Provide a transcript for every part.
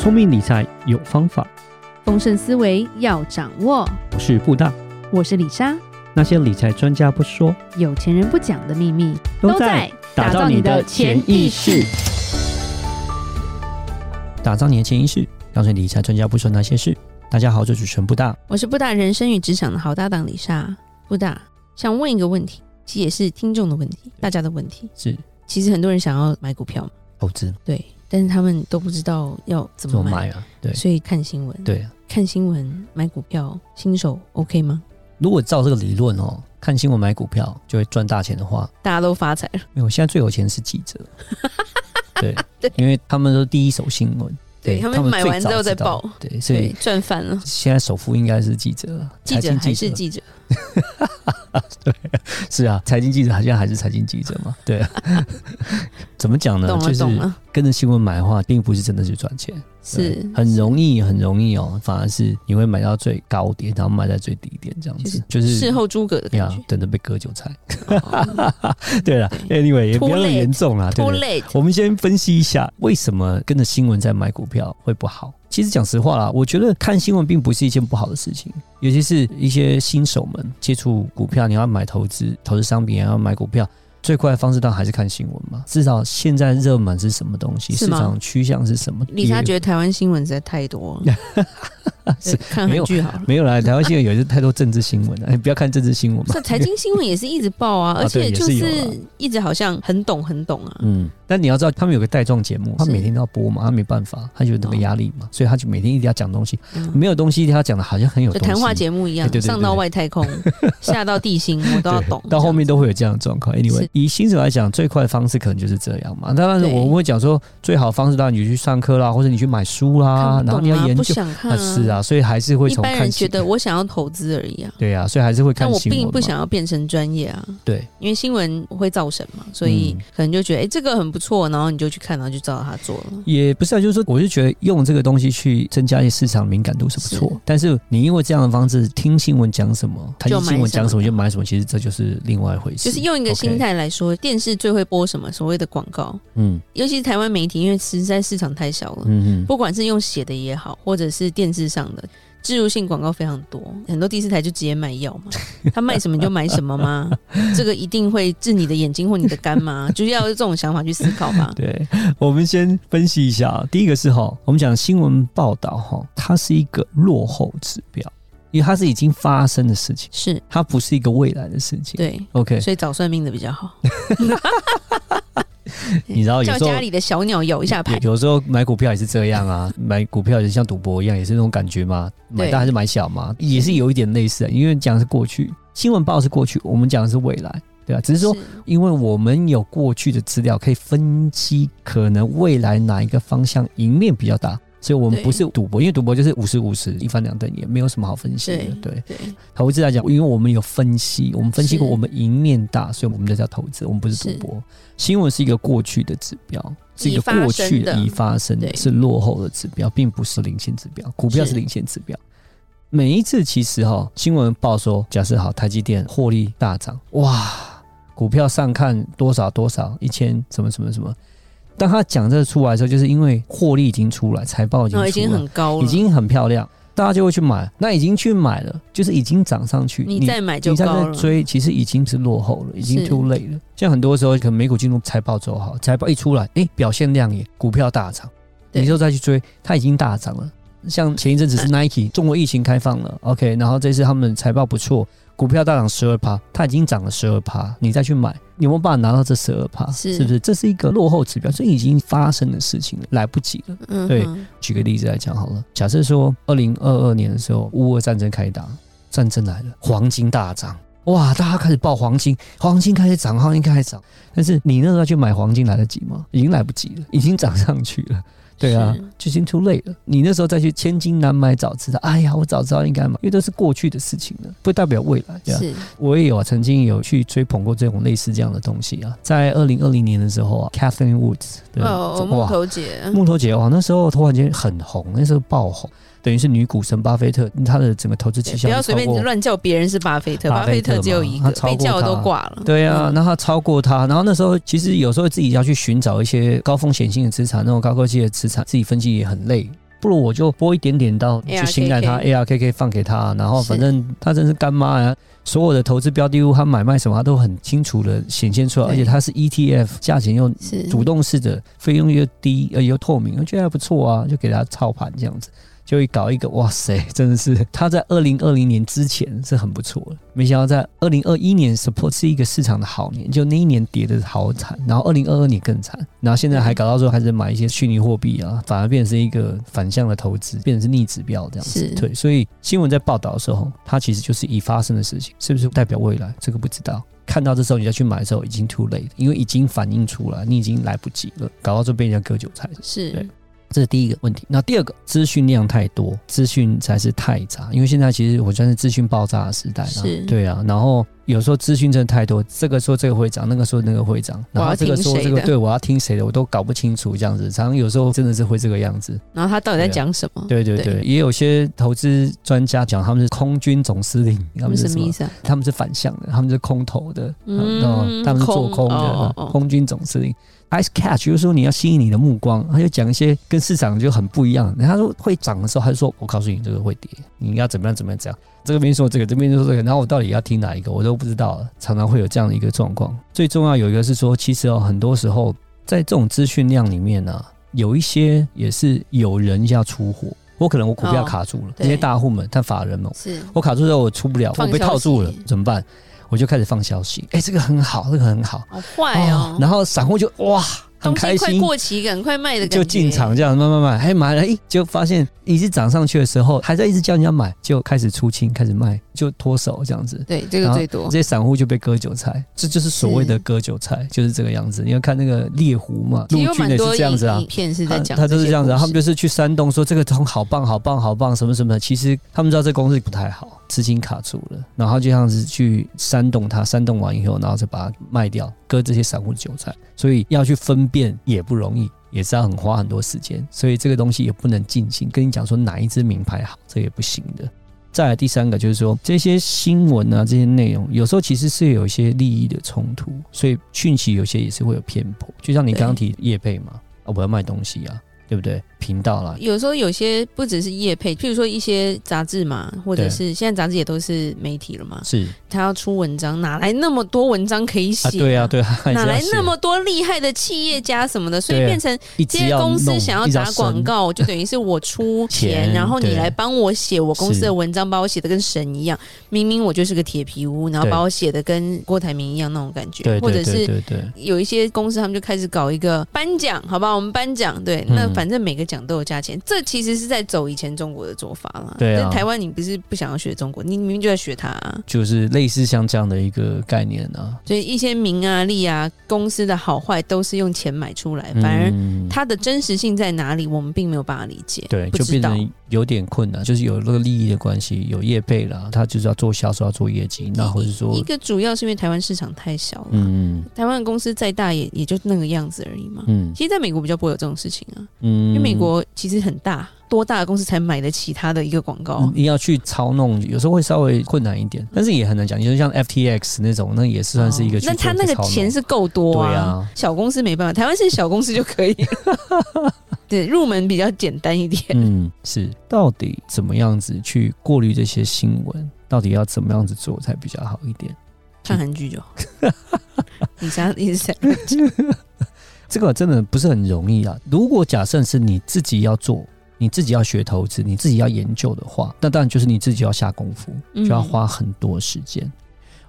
聰明理財有方法，豐盛思維要掌握。我是布大，我是李莎。那些理財專家不說有錢人不講的秘密，都在打造你的潛意識。打造你的潛意識，剛才理財專家不說那些事。大家好，我是主持人布大，我是布大人生與職場的好搭檔李莎。布大想問一個問題，其實也是聽眾的問題，大家的問題是：其實很多人想要買股票，投資，對。但是他們都不知道要怎麼買，麼買啊，對，所以看新聞，對，看新聞買股票，新手 OK 嗎？如果照這個理論哦，看新聞買股票就會賺大錢的話，大家都發財了。沒有，現在最有錢是記者 對，對，因為他們都是第一手新聞。對，他們，對他們買完之後再報，對，所以賺翻了。現在首富應該是記者了，記者，財經記者了還是記者？ 對，是啊，財經記者好像還是財經記者嘛。對， 怎麼講呢 懂了懂了。就是跟着新聞買的話，並不是真的去賺錢。是很容易，很容易哦，反而是你會買到最高點，然後買在最低點，這樣子就是、就是、事後諸葛的感覺等着被割韭菜。哦、 對了、嗯、，Anyway，late, 也不要那麼嚴重啊拖累，我們先分析一下為什麼跟着新聞在買股票會不好。其實講實話啦，我覺得看新聞並不是一件不好的事情，尤其是一些新手們接觸股票，你要買投資、投資商品，要後買股票。最快的方式當然還是看新聞嘛，至少現在熱門是什麼東西，市場趨向是什麼。里莎覺得台灣新聞實在太多了。 是看黑劇好，沒有，沒有啦。臺灣新聞有些太多政治新聞了。啊， 你不要看政治新聞嘛。財經新聞也是一直報啊，而且就是一直好像很懂很懂啊，啊。嗯，但你要知道，他們有個帶狀節目，他每天都要播嘛，他沒辦法，他有那個壓力嘛，哦，所以他就每天一定要講東西，嗯，沒有東西他講的，好像很有談話節目一樣。欸對對對對，上到外太空， 下到地心，我都要懂。到後面都會有這樣的狀況。因 為、Anyway, 以新手來講，最快的方式可能就是這樣嘛。當然，我們會講說，最好的方式當然你去上課啦，或者你去買書啦，啊，然後你要研究。啊啊是啊。所以還是會看，一般人覺得我想要投資而已啊。對啊，所以還是會看。但我並不想要變成專業啊。對，因為新聞會造神嘛，所以可能就覺得哎、嗯欸，這個很不錯，然後你就去看，然後就照他做了。也不是啊，就是說，我就覺得用這個東西去增加一些市場敏感度是不錯。但是你因為這樣的方式聽新聞講什麼，他就買新聞講什麼就買什麼，其實這就是另外一回事。就是用一個心態來說、okay，電視最會播什麼？所謂的廣告。嗯，尤其是台灣媒體，因為實在市場太小了。嗯嗯。不管是用寫的也好，或者是電視上。植入性廣告非常多，很多第四台就直接賣藥嘛，他賣什麼你就買什麼嗎？ 這個一定會治你的眼睛或你的肝嗎？就是要這種想法去思考嘛。對，我們先分析一下，第一個是哈，我們講新聞報道哈，它是一個落後指標，因為它是已經發生的事情，是它不是一個未來的事情。對，OK，所以找算命的比較好。 你知道有時候叫家裡的小鳥搖一下牌，有時候買股票也是這樣啊，買股票也是像賭博一樣，也是那種感覺嘛。買大還是買小嘛，也是有一點類似的、欸。因為講的是過去，新聞報是過去，我們講的是未來，對吧、啊？只是說，因為我們有過去的資料，可以分析可能未來哪一個方向贏面比較大。所以我們不是賭博，因為賭博就是五十五十，一翻兩瞪，也沒有什麼好分析的。對對，投資來講，因為我們有分析，我們分析過，我們贏面大，所以我們就叫投資，我們不是賭博。新聞是一個過去的指標，是一個過去的已發生的，是落後的指標，並不是領先指標。股票是領先指標。每一次其實哈，新聞報說，假設好，台積電獲利大漲，哇，股票上看多少多少，一千什麼什麼什麼。當他講這個出來的時候，就是因為獲利已經出來，財報已經、哦、已經很高了，已經很漂亮，大家就會去買。那已經去買了，就是已經漲上去，你再買就高了。你你再在追其實已經是落後了，已經 too late 了。像很多時候，可能美股進入財報周哈，財報一出來，哎、欸，表現亮眼，股票大漲，你就再去追，它已經大漲了。像前一陣子是 Nike、哎、中國疫情開放了、嗯、OK，然後這次他們財報不錯。股票大漲十二趴，它已經漲了十二趴，你再去買，你有沒有辦法拿到這十二趴，是不是？這是一個落後指標，所以已經發生的事情了，來不及了。對，舉個例子來講好了，假設說二零二二年的時候，烏俄戰爭開打，戰爭來了，黃金大漲，哇，大家開始爆黃金，黃金開始漲，黃金開始漲，但是你那時候去買黃金來得及嗎？已經來不及了，已經漲上去了。對啊，就已經 too late 了，你那時候再去，千金難買早知道。哎呀，我早知道應該買，因為這是過去的事情了，不代表未來。是，我也有啊，曾經有去追捧過這種類似這樣的東西啊，在二零二零年的時候啊，Catherine Woods，對、oh, 木頭姐，木頭姐，哇，那時候突然間很紅，那時候爆紅。等於是女股神巴菲特，他的整個投資績效。不要隨便亂叫別人是巴菲特，巴菲特，巴菲特只有一個，被叫都掛了。對啊，嗯，然後她超過他，然後那時候其實有時候自己要去尋找一些高風險性的資產，那種高科技的資產，自己分析也很累。不如我就撥一點點到去信賴他，ARKK 放給他，然後反正他真是乾媽啊，所有的投資標的物他買賣什麼她都很清楚的顯現出來，而且它是 ETF，價錢又主動式的，費用又低，而又透明，我覺得還不錯啊，就給他操盤這樣子。就會搞一個哇塞，真的是他在二零二零年之前是很不錯的，沒想到在二零二一年 support 是一個市場的好年，就那一年跌得好慘，然後二零二二年更慘，然後現在還搞到說開始買一些虛擬貨幣啊，反而變成一個反向的投資，變成是逆指標這樣子。對，所以新聞在報道的時候，它其實就是已發生的事情，是不是代表未來？這個不知道。看到這時候你要去買的時候，已經 too late，因為已經反映出來，你已經來不及了。搞到就變成割韭菜是對。是這是第一個問題，那第二個，資訊量太多，資訊才是太雜，因為現在其實我覺得是資訊爆炸的時代啊，是，對啊，然後。有時候資訊真的太多，這個說這個會漲，那個說那個會漲，然後這個說這個對，我要聽誰的，我都搞不清楚，這樣子，常常有時候真的是會這個樣子。然後他到底在講什麼？對對對，對也有些投資專家講他們是空軍總司令，他們是什麼什麼意思、啊？他們是反向的，他們是空頭的、嗯，他們是做空的。空、哦、空軍總司令、哦哦、ice catch 就是說你要吸引你的目光，他就講一些跟市場就很不一樣。然後他說會漲的時候，他就說我告訴你這個會跌，你要怎麼樣怎麼樣怎麼樣這樣。這邊說這個，這邊就說、這個、說這個，然後我到底要聽哪一個？我都。不知道，常常會有這樣的一個狀況。最重要有一個是說，其實哦，很多時候在這種資訊量裡面呢、啊，有一些也是有人要出貨。我可能我股票卡住了，那、哦、些大戶們，他法人嘛，我卡住之後我出不了、哦，我被套住了，怎麼辦？我就開始放消息，哎、欸，這個很好，這個很好，好壞哦、哎、呦，然後散戶就哇。很開東西快過期，趕快賣的就進場，這樣慢慢買，還、欸、買了，咦、欸、就發現一直漲上去的時候，還在一直叫人家買，就開始出清，開始賣，就脫手這樣子。對，這個最多。這些散戶就被割韭菜，這就是所謂的割韭菜，就是這個樣子。你要看那個獵狐嘛，陸軍的是這樣子啊，片是在講他就是這樣子、啊，他們就是去煽動說這個東西好棒好棒好棒什麼什麼的，其實他們知道這公司不太好。資金卡住了，然後就像是去煽動他，煽動完以後，然後再把它賣掉，割這些散戶韭菜。所以要去分辨也不容易，也是要很花很多時間。所以這個東西也不能盡信，跟你講說哪一支明牌好，這也不行的。再來第三個就是說，這些新聞啊，這些內容有時候其實是有一些利益的衝突，所以訊息有些也是會有偏頗。就像你剛剛提的業配嘛，啊，我要賣東西啊，對不對？頻道了，有時候有些不只是業配，譬如說一些雜誌嘛，或者是現在雜誌也都是媒體了嘛，是，他要出文章，哪來那麼多文章可以寫、啊啊？對啊，對啊，哪來那麼多厲害的企業家什麼的？所以變成一這些公司想要打廣告，就等於是我出錢, 錢，然後你來幫我寫我公司的文章，把我寫的跟神一樣，明明我就是個鐵皮屋，然後把我寫的跟郭台銘一樣那種感覺，對或者是對對,對,對有一些公司他們就開始搞一個頒獎，好不好？我們頒獎，對、嗯，那反正每個。講都有價錢，這其實是在走以前中國的做法了。對、啊、台灣你不是不想要學中國，你明明就在學它、啊，就是類似像這樣的一個概念啊。所以一些名啊、利啊、公司的好壞都是用錢買出來、嗯，反而它的真實性在哪裡，我們並沒有辦法理解。對，就變成有點困難，就是有那個利益的關係，有業備了，他就是要做銷售，要做業績，然後是說一個主要是因為台灣市場太小了、嗯，台灣的公司再大也也就那個樣子而已嘛。嗯，其實在美國比較不會有這種事情啊。嗯，因為美。國其實很大，多大的公司才買得起它的一個廣告？你、嗯、要去操弄，有時候會稍微困難一點，但是也很難講。你說像 FTX 那種，那也是算是一個。那、哦、他那個錢是夠多啊，對啊？小公司沒辦法，台灣是小公司就可以， 對，入門比較簡單一點。嗯，是。到底怎麼樣子去過濾這些新聞？到底要怎麼樣子做才比較好一點？看韓劇就好。 你想你是誰？這個真的不是很容易啊！如果假設是你自己要做，你自己要學投資，你自己要研究的話，那當然就是你自己要下功夫，就要花很多時間。嗯。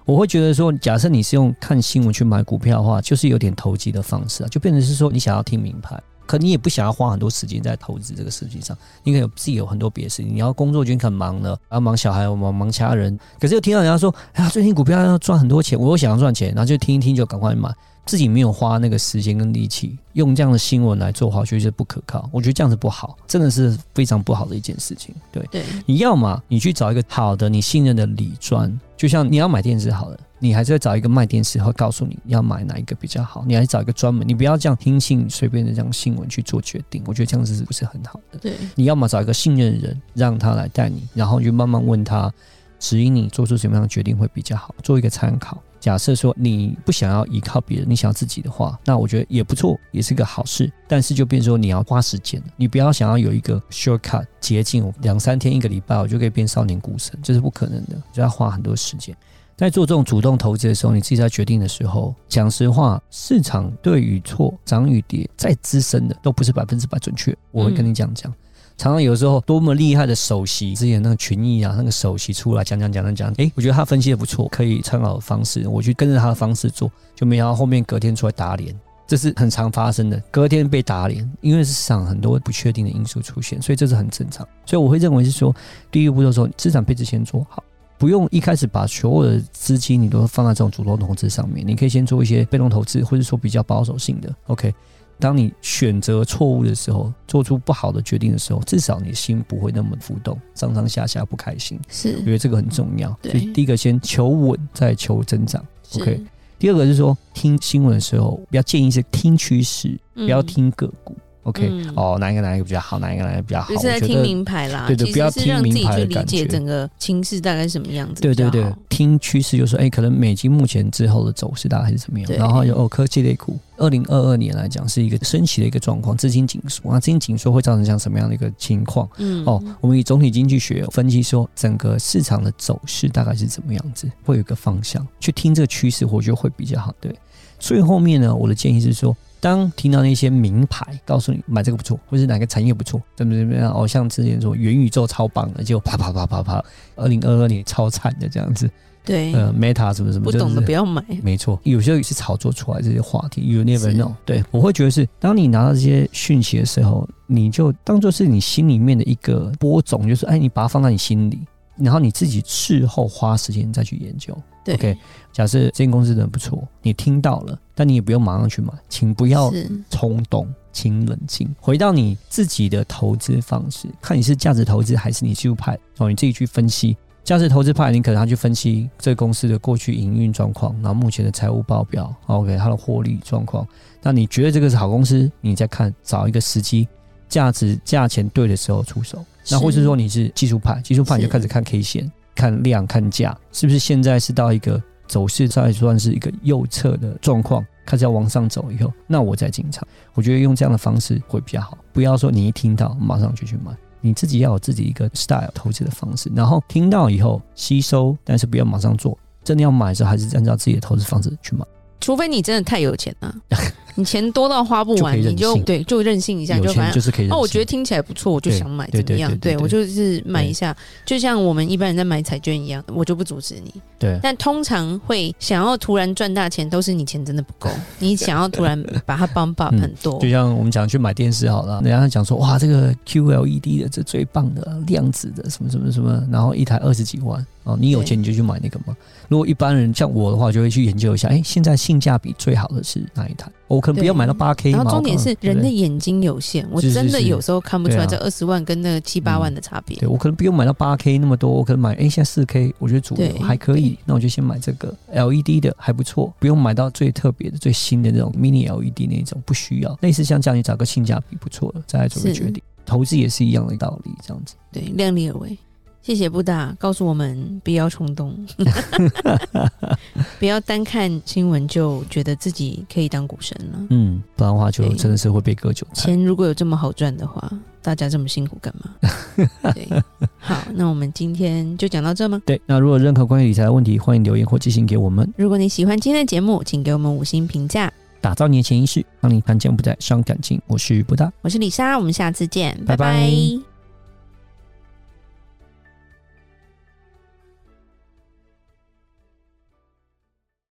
我會覺得說，假設你是用看新聞去買股票的話，就是有點投機的方式啊，就變成是說你想要聽名牌，可你也不想要花很多時間在投資這個事情上。你可能自己有很多別的事情，你要工作就已經很忙了，要忙小孩，要忙忙其他人，可是又聽到人家說，哎呀，最近股票要賺很多錢，我又想要賺錢，然後就聽一聽就趕快買。自己沒有花那個時間跟力氣，用這樣的新聞來做的話，我覺得不可靠。我覺得這樣子不好，真的是非常不好的一件事情。對，對你要嘛，你去找一個好的、你信任的理專，就像你要買電視好了，你還是要找一個賣電視會告訴你要買哪一個比較好，你還是找一個專門，你不要這樣聽信隨便的這樣新聞去做決定。我覺得這樣子是不是很好的？對，你要嘛找一個信任人，讓他來帶你，然後你就慢慢問他，指引你做出什麼樣的決定會比較好，做一個參考。假設說你不想要依靠別人，你想要自己的話，那我覺得也不錯，也是個好事。但是就變成說你要花時間，你不要想要有一個 shortcut 捷徑，兩三天一個禮拜我就可以變少年股神，這是不可能的，就要花很多時間。在做這種主動投資的時候，你自己在決定的時候，講實話，市場對與錯、漲與跌，再資深的都不是百分之百準確。我會跟你講講。嗯常常有時候多麼厲害的首席，之前那個群益啊，那個首席出來講講講講講，哎，我覺得他分析的不錯，可以參考的方式，我去跟着他的方式做，就沒想到後面隔天出來打臉，這是很常發生的，隔天被打臉，因為是市場很多不確定的因素出現，所以這是很正常。所以我會認為是說，第一步就是說，資產配置先做好，不用一開始把所有的資金你都放在這種主動投資上面，你可以先做一些被動投資，或者說比較保守性的，OK。當你選擇錯誤的時候，做出不好的決定的時候，至少你心不會那麼浮動，上上下下不開心。是，我覺得這個很重要。第一個先求穩，再求增長。OK。第二個就是說，聽新聞的時候，比較建議是聽趨勢，不要聽個股。嗯 OK，、嗯、哦，哪一個哪一個比較好？哪一個哪一個比較好？就是在聽明牌啦，對，對對，不要聽明牌，理解整個情勢大概是什麼樣子。對對對，聽趨勢就是說，哎、欸，可能美金目前之後的走勢大概是怎麼樣？然後有哦科技類股，二零二二年來講是一個升息的一個狀況，資金緊縮啊，那資金緊縮會造成像什麼樣的一個情況？嗯，哦，我們以總體經濟學分析說，整個市場的走勢大概是怎麼樣子？會有一個方向去聽這個趨勢，我覺得會比較好。對，所以後面呢，我的建議是說。當聽到那些名牌告訴你買這個不錯，或是哪個產業不錯，怎麼怎麼樣？哦，像之前說元宇宙超棒的，就啪啪啪啪啪，二零二二年超慘的這樣子。對，呃，Meta 什麼什麼，就是，不懂的不要買。沒錯，有時候也是炒作出來這些話題。You never know。對，我會覺得是，當你拿到這些訊息的時候，你就當做是你心裡面的一個播種，就是哎，你把它放在你心裡。然後你自己事後花時間再去研究。對，OK，假設這間公司人不錯，你聽到了，但你也不用馬上去買，請不要衝動，請冷靜，回到你自己的投資方式，看你是價值投資還是你技術派，從，你自己去分析。價值投資派，你可能要去分析這個公司的過去營運狀況，然後目前的財務報表，OK，它的獲利狀況。那你覺得這個是好公司，你再看，找一個時機，價值價錢對的時候出手。那或是說你是技術派，技術派你就開始看 K 線、看量、看價，是不是現在是到一個走勢，在算是一個右側的狀況，開始要往上走以後，那我再進場。我覺得用這樣的方式會比較好，不要說你一聽到馬上就去買，你自己要有自己一個 style 投資的方式，然後聽到以後吸收，但是不要馬上做。真的要買的時候，還是按照自己的投資方式去買。除非你真的太有錢了。 你錢多到花不完，就你就對就任性一下，你就，就反正哦，我覺得聽起來不錯，我就想買怎麼樣？對，對，對，對，對，對我就是買一下、欸，就像我們一般人在買彩券一樣，我就不阻止你。對，但通常會想要突然賺大錢，都是你錢真的不夠，你想要突然把它 bump up 很多、 嗯。就像我們講去買電視好了，人家講說哇，這個 QLED 的這最棒的量子的什麼什麼什麼，然後一台二十幾萬哦、喔，你有錢你就去買那個嘛。如果一般人像我的話，就會去研究一下，哎、欸，現在性價比最好的是哪一台？我可能不要買到八 K 嘛。然後重點是人的眼睛有限，我，是是是是我真的有時候看不出來這二十萬跟那個七八萬的差別。對、啊嗯、對，我可能不用買到八 K 那麼多，我可能買哎現在四 K，我覺得主流還可以，那我就先買這個 LED 的還不錯，不用買到最特別的、最新的那種 Mini LED 那種不需要。類似像這樣，你找個性價比不錯的再來做個決定。投資也是一樣的道理，這樣子。對，量力而為。謝謝布大，告訴我們不要衝動， 不要單看新聞就覺得自己可以當股神了。嗯，不然的話就真的是會被割韭菜。錢如果有這麼好賺的話，大家這麼辛苦幹嘛？ 對，好，那我們今天就講到這嗎？對，那如果有任何關於理財的問題，歡迎留言或寄信給我們。如果你喜歡今天的節目，請給我們五星評價，打造年錢意識，讓你談錢不再傷感情。我是布大，我是李莎，我們下次見，拜拜。拜拜。